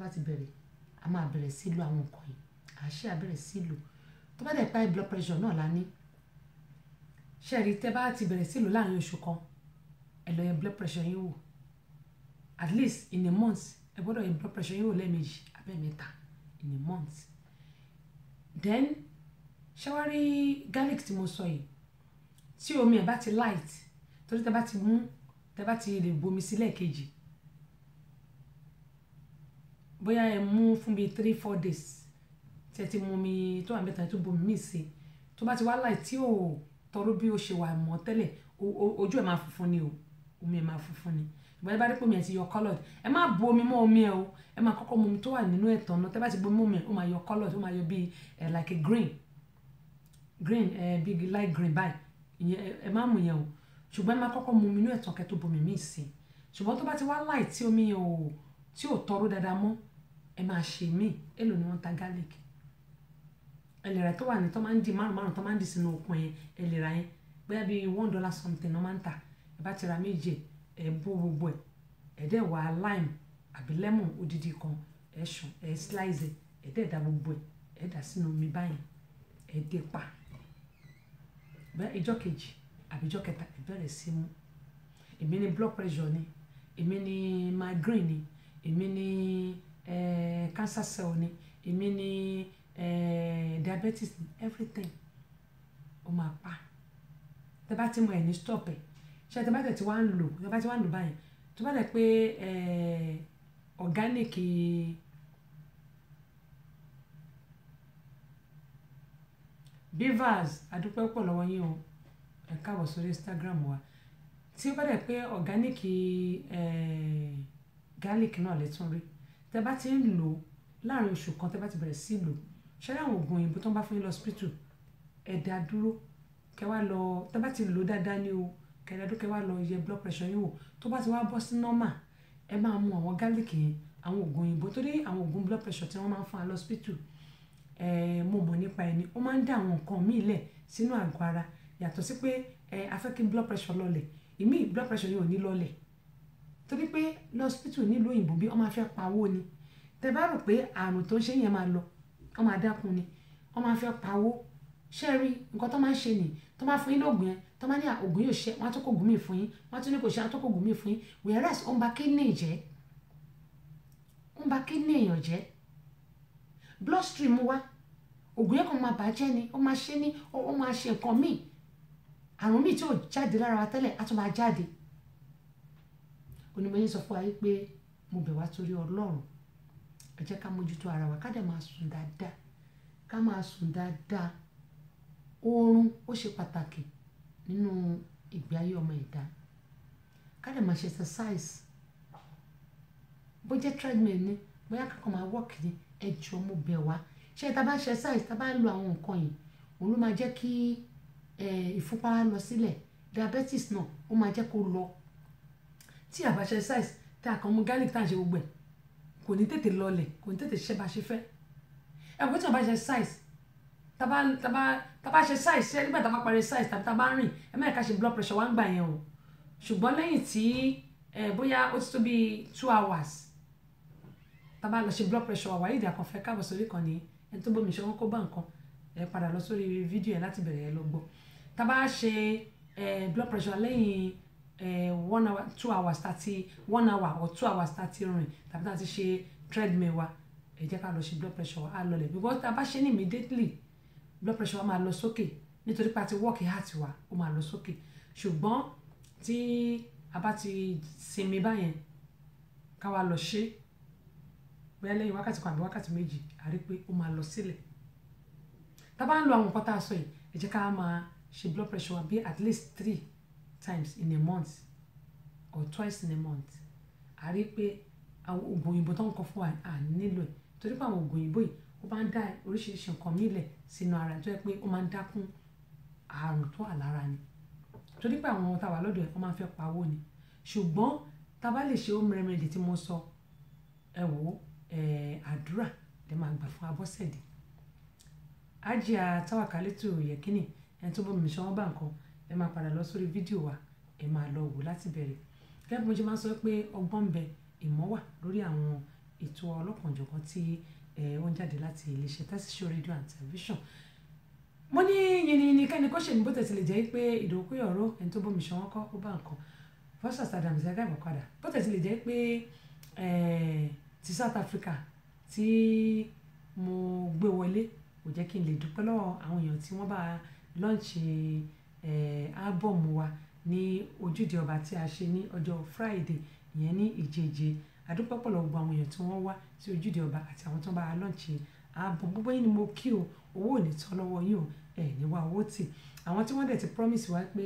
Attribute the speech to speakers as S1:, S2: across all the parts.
S1: bá ti bẹ̀rẹ̀ a máa bẹ̀rẹ̀ sí lo àwọn nǹkan yìí àṣẹ àbẹ̀rẹ̀ sí lò tó bá dẹ̀ pa high blood pressure náà la ní ṣẹ́ẹ̀rí tẹ́ bá ti bẹ̀rẹ̀ sí lò láàrin oṣù kan ẹ lọ yẹ blood pressure yín wò at least in a month ẹ gbọ́dọ̀ yẹ blood pressure yín wò lẹ́ẹ̀mejì abẹ́ẹ̀mẹ́ta in a month then ṣẹ́wárí garlic tí mo sọ yìí tí omi ẹ̀ bá ti light torí tẹ́ bá ti mú tẹ́ bá ti lè bomi sí lẹ́ẹ̀kejì bóyá ẹ mú fún bíi three four days tí ẹ ti mu omi tó wà mẹ́ta tó bomi míì sí tó bá ti wá láì tí ò tọrọ bí ó ṣe wà mọ́ tẹ́lẹ̀ ojú ẹ̀ máa funfun ni o omi ẹ̀ máa funfun ni ìgbà yẹn bá rí pé omi ẹ̀ ti yọ coloured ẹ má bu omi mọ́ omi ẹ o ẹ máa kọ́kọ́ mu omi tó wà nínú ẹ̀ tán náà tẹ́ bá ti bu omi mọ́ omi ẹ̀ ó máa yọ coloured ó máa yọ bíi ẹ̀ like a green green ẹ̀ big light green báyìí ìyẹn ẹ má mu yẹn o ṣùgbọ́n ẹ máa kọ́kọ́ mu omi inú ẹ̀ tán kẹ́ tó bomi míì sí ṣùgbọ́n tó bá ti wá láì tí omi yẹn o tí ò tọrọ dáadáa mọ́ ẹ máa ṣe míì èlò ni wọ́n ta garlic ẹ lè ra tó wà ní tó máa ń di márùn márùn tó máa ń di sínú okùn yẹn ẹ lè ra yẹn bóyá bíi one dollar something ló máa ń tà ẹ bá ti ra méje ẹ bó gbogbo ẹ ẹ dẹ̀ wá lime àbí lemon odidi kan ẹ sùn ẹ slice ẹ ẹ dẹ̀ da gbogbo ẹ ẹ dà sínú omi báyìí ẹ dé pa bẹ́ẹ̀ ìjọ́ kejì àbí ìjọ́ kẹta ẹ bẹ̀rẹ̀ sí mú èmi ni blood pressure ni èmi ni migraine ni èmi ni. Eh, cancer cell ni èmi ni eh, diabetes everything ó máa pa tẹ bá ti mọ ẹ̀ stop ẹ̀ ṣe tẹ bá tẹ̀ tí wá ń lò tẹ bá ti wá ń lò báyìí tó bá dẹ̀ pé eh, organic beavers adúpẹ́ pọ̀ lọ́wọ́ yín o ẹ káàbọ̀ sórí Instagram wa tí ó bá dẹ̀ pé organic garlic náà lè tún rí tẹ́ bá ti ń lò ó láàrin oṣù kan tẹ́ bá ti bẹ̀rẹ̀ sí lò ṣẹlẹ̀ àwọn oògùn òyìnbó tó ń bá fún yín lọ hospital ẹ dá dúró kẹ́ wá lọ tẹ́ bá ti lò ó dáadáa ní o kẹ́ dá dúró kẹ́ wá lọ yẹ blood pressure yín wò tó bá ti wá bọ́ sí normal ẹ máa mu àwọn gálíkì yẹn àwọn oògùn òyìnbó torí àwọn oògùn blood pressure tí wọ́n máa ń fún wa lọ hospital ẹ mo mọ̀ nípa ẹni ó máa ń dá àwọn nǹkan míì lẹ̀ sínú àgọ́ ara yàtọ̀ sí pé ẹ afẹ́ kí blood pressure lọlẹ̀ ìmíì blood pressure yìí ò ní lọlẹ̀ torí pé lọ́sítítù nílùú òyìnbó bí wọ́n máa fẹ́ pawó ni tẹ́ bá rò pé àrùn tó ń ṣe yẹn máa lọ wọ́n máa dákun ni wọ́n máa fẹ́ pawó ṣé ẹ rí nǹkan tó máa ń ṣe nìyí tó máa fún yín lóògùn yẹn tó máa ní ògùn yóò ṣe wọ́n á tó kó ògùn mi fún yín wọ́n á tó ní kò ṣe á ògùn mi fún yín whereas ó ń ba kidney jẹ́ ó ń ba kidney èèyàn jẹ́ blood stream wa ògùn yẹn kàn máa bàjẹ́ ni ó máa ṣe ní ó máa ṣe nǹkan míì àrùn míì tí ò jáde lára wa tẹ́lẹ̀ á tún máa jáde onímọ̀ye sọ fún wa wípé mo bẹ̀ wá torí ọlọ́run ẹ jẹ́ ká mójútó ara wa ká dẹ̀ máa sùn dáadáa ká máa sùn dáadáa oorun ó ṣe pàtàkì nínú ìgbé ayé ọmọ ẹ̀dá ká dẹ̀ máa ṣe exercise bó jẹ́ treadmill ni bóyá kankan máa walk ni ẹ jọ mo bẹ̀ wá ṣé ta bá ṣe exercise ta bá lo àwọn nǹkan yìí òun ló máa jẹ́ kí ìfúnpá lọ sílẹ̀ diabetes náà ó máa jẹ́ kó lọ tí a size tí a kàn mú garlic tá à ń ṣe gbogbo ẹ̀ kò ní tètè lọlẹ̀ kò ní tètè ṣe bá ṣe fẹ́ ẹ̀kọ́ tí a size taba taba taba ṣe size ṣe nígbà taba parí size tàbí taba rìn ẹ mẹ́rin ká ṣe blood pressure wá ń gbà yẹn o ṣùgbọ́n lẹ́yìn tí ẹ bóyá ó ti tó bíi two hours taba lọ ṣe blood pressure wà yìí àkànfẹ́ káàbọ̀ sórí kan ní ẹni tó bómi ṣe wọn kó bá nǹkan ẹ padà lọ sórí fídíò yẹn láti bẹ̀rẹ̀ ẹ lọ gbọ́ taba ṣe blood pressure lẹ́yìn eh, one hour two hours thirty one hour or two hours thirty rìn tàbí tá ṣe treadmill wa ẹ jẹ́ ká lọ ṣe blood pressure wa á lọlẹ̀ because tá a bá ṣe ní immediately blood pressure wa máa lọ sókè nítorí pé a ti work heart wa ó máa lọ sókè ṣùgbọ́n tí a bá ti sinmi báyẹn ká wa lọ ṣe bóyá lẹ́yìn wákàtí kan àbí wákàtí méjì a rí pé ó máa lọ sílẹ̀ tá a bá ń lo àwọn nǹkan tá a sọ yìí ẹ jẹ́ ká máa ṣe blood pressure wa bí at least three times in a month or twice in a month a rí pé àwọn oògùn òyìnbó tó ń kọ fún wa à nílò ẹ̀ torí pé àwọn oògùn òyìnbó yìí ó máa ń dá oríṣiríṣi nǹkan mílẹ̀ sínú ara tó yẹ pé ó máa ń dákún àrùn tó wà lára ni torí pé àwọn tá a wà lọ́dọ̀ ẹ̀ wọ́n máa ń fẹ́ pawó ni ṣùgbọ́n tá a bá lè ṣe home remedy tí mo sọ ẹ wò ó àdúrà lè máa gbà fún Abọ́sẹ̀dé Hajiya Tawakalitu Yekini ẹni tó bọ́ mi ṣọwọ́ bá nǹkan ẹ máa padà lọ sórí fídíò wa ẹ máa lọ wò láti bẹ̀rẹ̀ gẹ́gẹ́ bí mo ṣe máa ń sọ pé ọgbọ́n bẹ ìmọ̀ wà lórí àwọn ètò ọlọ́kanòjọ̀kan tí ó ń jáde láti iléeṣẹ́ tẹ́síṣẹ́ rédíò and tẹlifíṣàn mo ní yìnyín kẹ́ni kó ṣe ní bó tẹ̀sílẹ̀ jẹ́ pé ìdòkú ọ̀rọ̀ ẹni tó bómi ṣan wọ́n kọ́ ó bá nǹkan versus Adams ẹgbẹ́ ìbọ̀kadà bó tẹ̀sílẹ̀ jẹ́ pé ti South Africa tí mo gbé wọlé kò jẹ́ kí n lè dúpẹ́ lọ́wọ́ àwọn èèyàn tí wọ́n bá lọ́ọ̀nṣì ábọ̀mù eh, wa ní ojúde ọba tí a ṣe ní ọjọ́ Friday ìyẹn ní ìjeje àdúpẹ́ pọ̀lọ̀ gbogbo àwọn èèyàn tí wọ́n wá sí ojúde ọba àti àwọn tó ń bá a lọ́ọ̀ṣì ábọ̀mù gbogbo yín ni mo kí o owó ò ní tán lọ́wọ́ yín o ẹ̀ ní wá owó tì àwọn tí wọ́n dẹ̀ ti promise wa pé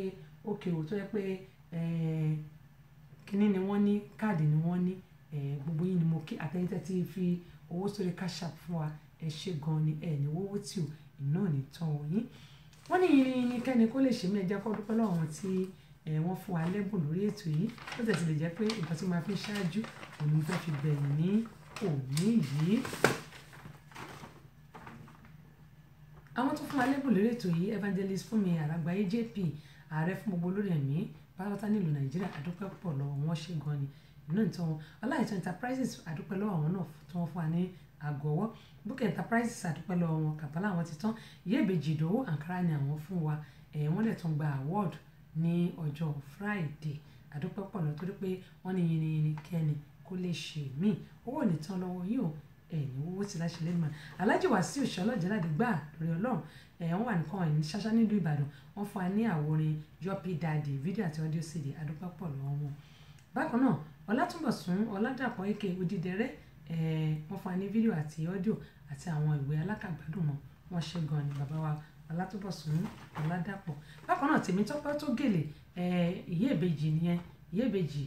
S1: ókè o tó yẹ pé eh, kínní ni wọ́n ní káàdì ni wọ́n ní gbogbo yín ni mo kí àtẹ̀yìntẹ́ ti fi owó sórí cash app fún wa ẹ ṣe gan ni ẹ ní owó tí o ìnáà ní tán o yín wọ́n ní irin ni kẹ́ni kó lè ṣe mí ẹja kó dúpẹ́ lọ́wọ́n tí wọ́n fún wa lẹ́bùn lórí ètò yìí ó tẹ̀sí lè jẹ́ pé nǹkan tí mo fi ṣáájú òun fẹ́ fi gbẹ̀yìn ní òní yìí. àwọn tó fún wa lẹ́bùn lórí ètò yìí evangelist Fúnmi Àràgbáyé JP ààrẹ fún gbogbo olórí ẹ̀mí pátá nílùú Nàìjíríà àdúpẹ́ pọ̀ lọ́wọ́ wọn ṣe gan ni ìnáwó tí wọn Ọláìtàn Enterprises àdúpẹ́ lọ́wọ́ àwọn náà tí wọ́n fún wa ní àgọ́wọ́ Bukky Enterprises àdúpẹ́ lọ́wọ́ wọn kàbálà wọn ti tán ìyá ìbejì ìdòwò àǹkárá ni àwọn fún wa ẹ̀ wọ́n lẹ̀ tún gba award ní ọjọ́ Friday àdúpẹ́ pọ̀ lọ torí pé wọ́n ní yìnyín kẹ́ni kó lè ṣe mí owó nìtàn lọ́wọ́ yìí o ẹ̀yìn owó ti láṣẹ lẹ́nu mọ́ alájì Wàsíù Ṣọlọ́jẹ́ládé gbà lórí ọlọ́run ẹ̀yìn wà nìkan ẹ̀yìn ṣáṣá nílùú Ìbàdàn wọ́n fún wa ní àwòrin yọpí dáàdì fídíò àti ọdíò cd àdúpẹ́ pọ̀ lọ́wọ́ bákan náà Ọlátúnbọ̀sún Ọládàpọ̀ èké Odídẹrẹ́ eh, wọ́n fún wa ní fídíò àti ọ́díò àti àwọn ìwé alákàgbádùn mọ́ wọn ṣe gan ni bàbá wa Ọlátúbọ̀sún Ọládàpọ̀ bákan náà Tèmítọ́pẹ́ Tógèlè ìyé ìbejì nìyẹn ìyé ìbejì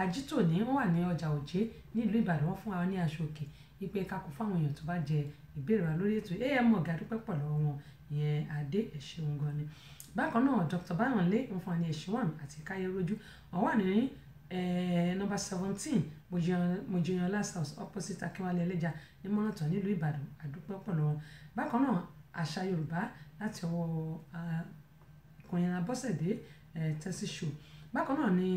S1: ajito ní wọ́n wà ní ọjà òjé nílùú Ìbàdàn wọ́n fún wa ní aṣọ òkè ipe kakò fáwọn èèyàn tó bá jẹ ìbéèrè wa lórí ètò am ọ̀gá dúpẹ́ pọ̀ lọ́wọ́ wọn ìyẹn adé ẹ̀ṣẹ̀ òun gan ni bákan náà Dr. Báyọ̀nlé wọ́n fún wa ní ẹ̀ṣẹ̀ wọn àti káyé rojú ọ̀wọ́ àníyàn eh, nọmba seventeen mojiyan last house opposite akínwálé ẹlẹ́jà ní mọ́ràntàn nílùú ìbàdàn àdúpẹ́ pọ̀lọ́ bákan náà àṣà yorùbá láti ọwọ́ kòyìnrán abọ́sẹ̀dé eh, tẹ́sí ṣò bákan náà ni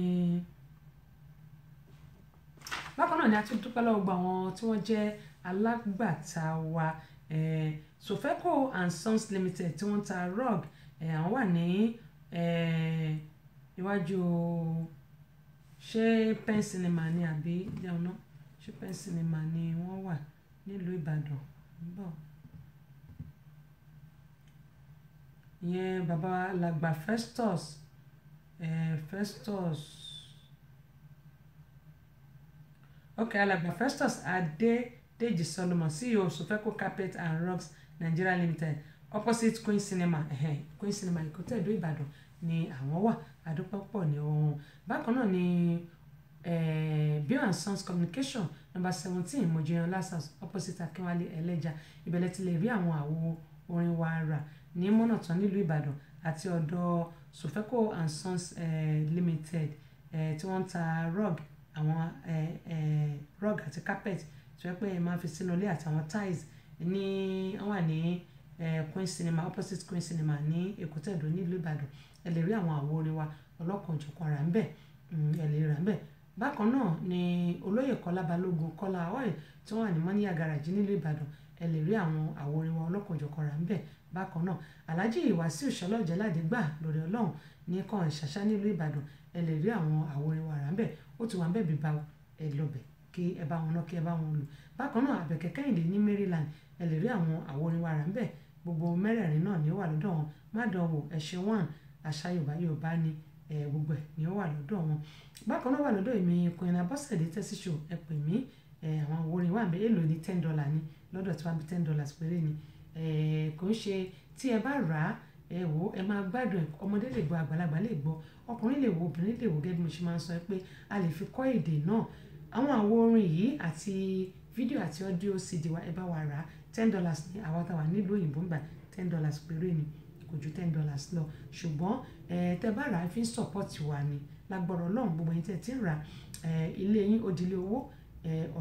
S1: bákan náà ni a tún dúpẹ́ lọ́wọ́ gbogbo àwọn tí wọ́n jẹ́ alágbàtà wa eh, sofeco and sons limited tí wọ́n ń ta rug eh, àwọn wà ní iwájú. Eh, ṣé Pen Cinema ni àbí jẹun náà ṣé Pen Cinema ni wọ́n wà nílùú Ìbàdàn ń bọ̀. ìyẹn bàbá alàgbà Festus eh, Festus ok alàgbà Festus Adédèjì Solomon CEO Sofeco Carpet and Rugs Nigeria Limited opposite Queen Cinema eh, Queen Cinema Ìkòtẹ́dó Ìbàdàn ni àwọn wà àdúpọ̀ pọ̀ ní ohun bákan náà ni eh, Beer and Sons Communication number seventeen Mojiyan Lasas opposite Akínwálé Ẹlẹ́ja ìbẹ̀lẹ̀ tilẹ̀ rí àwọn àwo orin wa rà ní mọ́nàtán nílùú Ìbàdàn àti ọ̀dọ̀ Sofeco and Sons eh, Limited eh, tí wọ́n ń ta rug àwọn rug àti carpet tí wọ́n pẹ́ máa fi sínú ilé àtàwọn tiles ní wọ́n wà ní. Eh, Queen Cinema opposite Queen Cinema ní Èkúté Ìdó nílùú Ìbàdàn ẹ lè rí àwọn àwo orin wa ọlọ́kan-ò-jọ̀kan ara ń bẹ̀ hmm, ẹ lè rà ń bẹ̀ bákan náà ni olóyè Kọ́lá Balógun Kọ́lá oil tí wọ́n wà ní Mọ́níyà garaji nílùú Ìbàdàn ẹ lè rí àwọn àwo orin wa ọlọ́kan-ò-jọ̀kan ara ń bẹ̀ bákan náà Alhaji Wàsíù Ṣọlọ́ọ̀jẹ́ Ládìgbà lórí Ọlọ́run ní kàn ṣàṣà nílùú Ìbàdàn ẹ lè rí àwọn àwo wa ara ń bẹ̀ ó ti wà ń bẹ̀ bíbá ẹ lọ́bẹ̀ kí ẹ bá wọn lọ kí ẹ bá wọn lò bákan náà Àbẹ̀kẹ́ Kẹ́hìndé ní Maryland ẹ lè rí àwọn àwo wa ara ń bẹ̀ gbogbo mẹ́rẹ̀ẹ̀rin náà ni ó wà lọ́dọ̀ wọn má dánwò ẹ̀ṣẹ̀ wọn àṣà yorùbá yorùbá ni gbogbo ẹ̀ ni ó wà lọ́dọ̀ wọn bákan náà wà lọ́dọ̀ èmi Queen Abọ́sẹ̀dé tẹ́sí ṣò ẹ pè mí àwọn orin wà mí èlò ní ten dollar ni lọ́dọ̀ tí wọ́n bí ten dollars péré ni kò ń ṣe tí ẹ bá rà á ẹ wò ẹ máa gbádùn ọmọdé lè gbọ́ àgbàlagbà lè gbọ́ ọkùnrin lè wò obìnrin lè wò gẹ́gẹ́ bí mo ṣe máa ń sọ pé a lè fi kọ́ èdè náà àwọn àwo orin yìí àti fídíò àti ọdíò cd wa ẹ bá wa rà á ten dollars ní àwa táwa nílùú òyìnbó ń gbà ten dollars péré ni kò ju ten dollars lọ ṣùgbọ́n tẹ bá rà á fi ń support wa ni lágbọ́rọ̀ ọlọ́run gbogbo yín tẹ̀ tí ń ra ilé yín òdìlé owó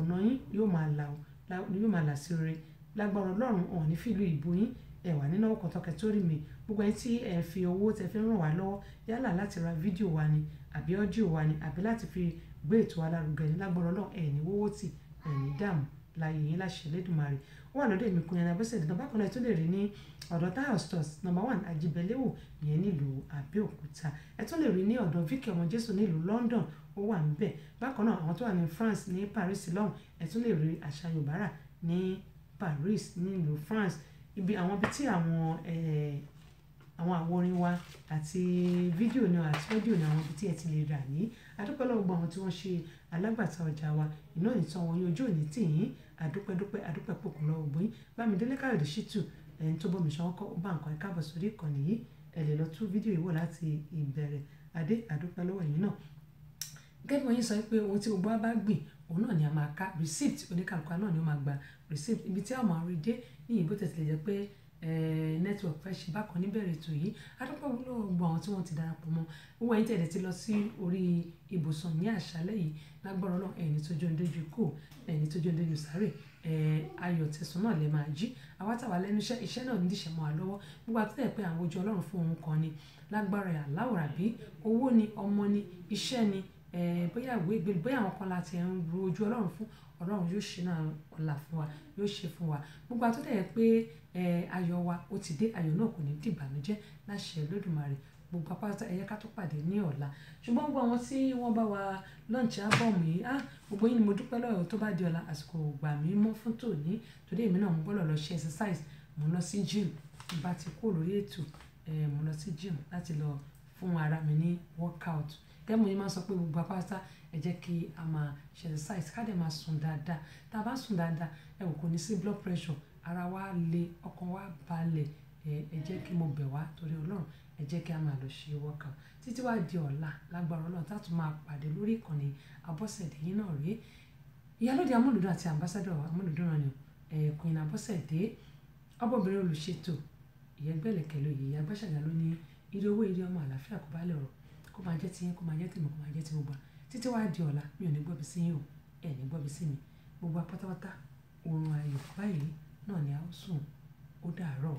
S1: ọ̀nà yín yóò máa là yóò máa là sí rere lágbọ́rọ̀ ọlọ́run ọ̀hún ní fìlú ìbò yín ẹ wà nínú ọkọ̀ tọkẹ tó rí mi gbogbo ẹni tí ẹ fi owó tẹ fi ràn wá lọ́wọ́ yálà láti ra fídíò wa ni àbí ọ́díò wa ni àbí láti fi gbé ètò alárugẹ ní lágbọ́rọ̀ ọlọ́run ẹ̀ ní wọ́wọ́ tì ẹ̀ ní dààmú láyé yín láṣẹ lẹ́dùnmarè ó wà lọ́dọ̀ èmi kúnyẹn abẹ́sẹ̀ dídán bákan náà tó lè rí ní ọ̀dọ̀ Tayo Stores number one Ajibelewo ìyẹn nílùú Abẹ́òkúta ẹ tún lè rí ní ọ̀dọ̀ Vicky ọmọ Jésù nílùú London ó wà níbẹ̀ bákan náà àwọn tó wà ní France ní Paris lọ́hùn ẹ tún lè rí àṣà Yorùbá rà ní Paris nílùú France ibi àwọn ibi tí àwọn àwọn àwòrin wa àti fídíò náà àti ọ́díò náà àwọn ibi tí ẹ ti lè rà ní adúpẹ́ lọ́wọ́ gbọ́ àwọn tí wọ́n ṣe alágbàtà ọjà wa iná ìtàn wọn yóò jó ní tìyín adúpẹ́dúpẹ́ adúpẹ́ pòkù lọ́wọ́ gbóyìn bámidélé káyọ̀dé ṣítù ẹni tó bọ́mi ṣan kọ́ bá nǹkan ẹ̀ka bọ̀ sórí ìkànnì yìí ẹ lè lọ tún fídíò yìí wò láti ìbẹ̀rẹ̀ adé adúpẹ́ lọ́wọ́ yìí náà gẹ́gẹ́ bí wọ́n yín sọ pé ohun tí gbogbo wa bá gbìn òun náà ni a máa ká receipt oníkàlùkù náà ni ó máa gba receipt ibi tí a máa rí dé ní ìbò tẹ̀sílẹ̀ jẹ́ pé Eh, network fẹ́ ṣe bákan níbẹ̀rẹ̀ ètò yìí adúpọ̀ wúlò gbogbo àwọn tí wọ́n ti darapọ̀ mọ́ owó ẹ̀yìn tẹ̀lé ti lọ sí orí ibùsùn ní àṣálẹ́ yìí lágbọ́rọ̀ náà ẹni tó jọ ń dojú kù ẹni tó jọ ń dojú sáré ayọ̀ tẹ̀sán náà lè máa jí àwátàwà lẹ́nu iṣẹ́ iṣẹ́ náà ní ìṣẹ̀mọ́ àlọ́wọ́ gbogbo àtúntẹ̀ pé àwọn ojú ọlọ́run fún òun kan ni lágbára àláwòrán bí owó ni ọmọ ni iṣẹ́ ni bóyá ìwé ìgbélé bóyá àwọn kan láti ẹ̀ ń ro ojú ọlọ́run fún ọlọ́run yóò ṣínà ọ̀la fún wa yóò ṣe fún wa gbogbo àtúntẹ̀ yẹ pé ayọ̀ wa ó ti dé ayọ̀ náà kò ní dìbànújẹ́ láṣẹ lódùmarè gbogbo apáta ẹ̀yẹ ká tó pàdé ní ọ̀la ṣùgbọ́n gbogbo àwọn tí wọ́n bá wa lọ́ọ̀nchì ábọ̀mù yìí á ah, gbogbo yín ni mo dúpẹ́ lọ́yọ̀ tó bá di ọ̀la àsìkò gbà mí mọ́ fún tòní torí èmi náà mo gbọ́dọ̀ lọ ṣe exercise mo lọ sí gym bá ti kó lórí ètò mo lọ sí gym láti lọ fún ara mi ní workout tẹ́mu yìí máa sọ pé gbogbo apáta ẹ jẹ́ kí a máa ṣe exercise ká dẹ̀ máa sùn dáadáa tá a bá sùn dáadáa ẹ wò kò ní sí blood pressure ara wa le ọkàn wa balẹ̀ ẹ jẹ́ kí mo bẹ̀ wá torí ọlọ́run ẹ jẹ́ kí a máa lọ ṣe workout títí wá di ọ̀la lágbára ọlọ́run tá a tún máa pàdé lórí ìkànnì abọ́sẹ̀dé yìí náà rèé ìyálóde amúlùdún àti ambassadọ amúlùdún náà ni ẹ̀ẹ́kùnrin abọ́sẹ̀dé ọbọ̀bìnrin olùṣètò ìyẹn gbẹ̀lẹ̀kẹ̀ lóye ló ní ire owó ire ọmọ àlàáfíà kò bá lè rọ̀ kó máa jẹ́ tiyín kó máa jẹ́ tèmi kó máa jẹ́ ti gbogbo títí wàá di ọ̀la mi ò ní gbọ́bi sí yín o ẹ̀ ní gbọ́bi sí mi gbogbo apátápátá oorun ayọ̀ báyìí náà ni a ó sùn ó dàárọ̀.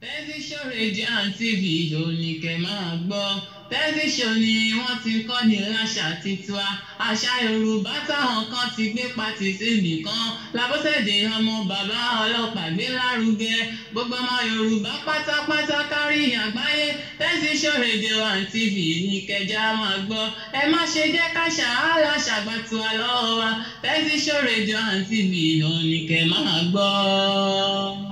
S1: tẹlifíṣọ̀n rédíò àti fídíò ni kẹ́ máa gbọ́ tẹlifíṣàn ni wọ́n ti kọ́ ní láṣà tiwa àṣà yorùbá táwọn kan ti gbé pati sí nìkan labọ́sẹ̀dé ọmọ bàbá ọlọ́pàá gbé lárugẹ gbogbo ọmọ yorùbá pátápátá kárí àgbáyé tẹlifíṣàn rédíò and tv ní kẹjá máa gbọ́ ẹ má ṣe jẹ́ káṣà aláṣà gbàtúwa lọ́wọ́ wa tẹlifíṣàn rédíò and tv ìhàn ní kẹ máa gbọ́.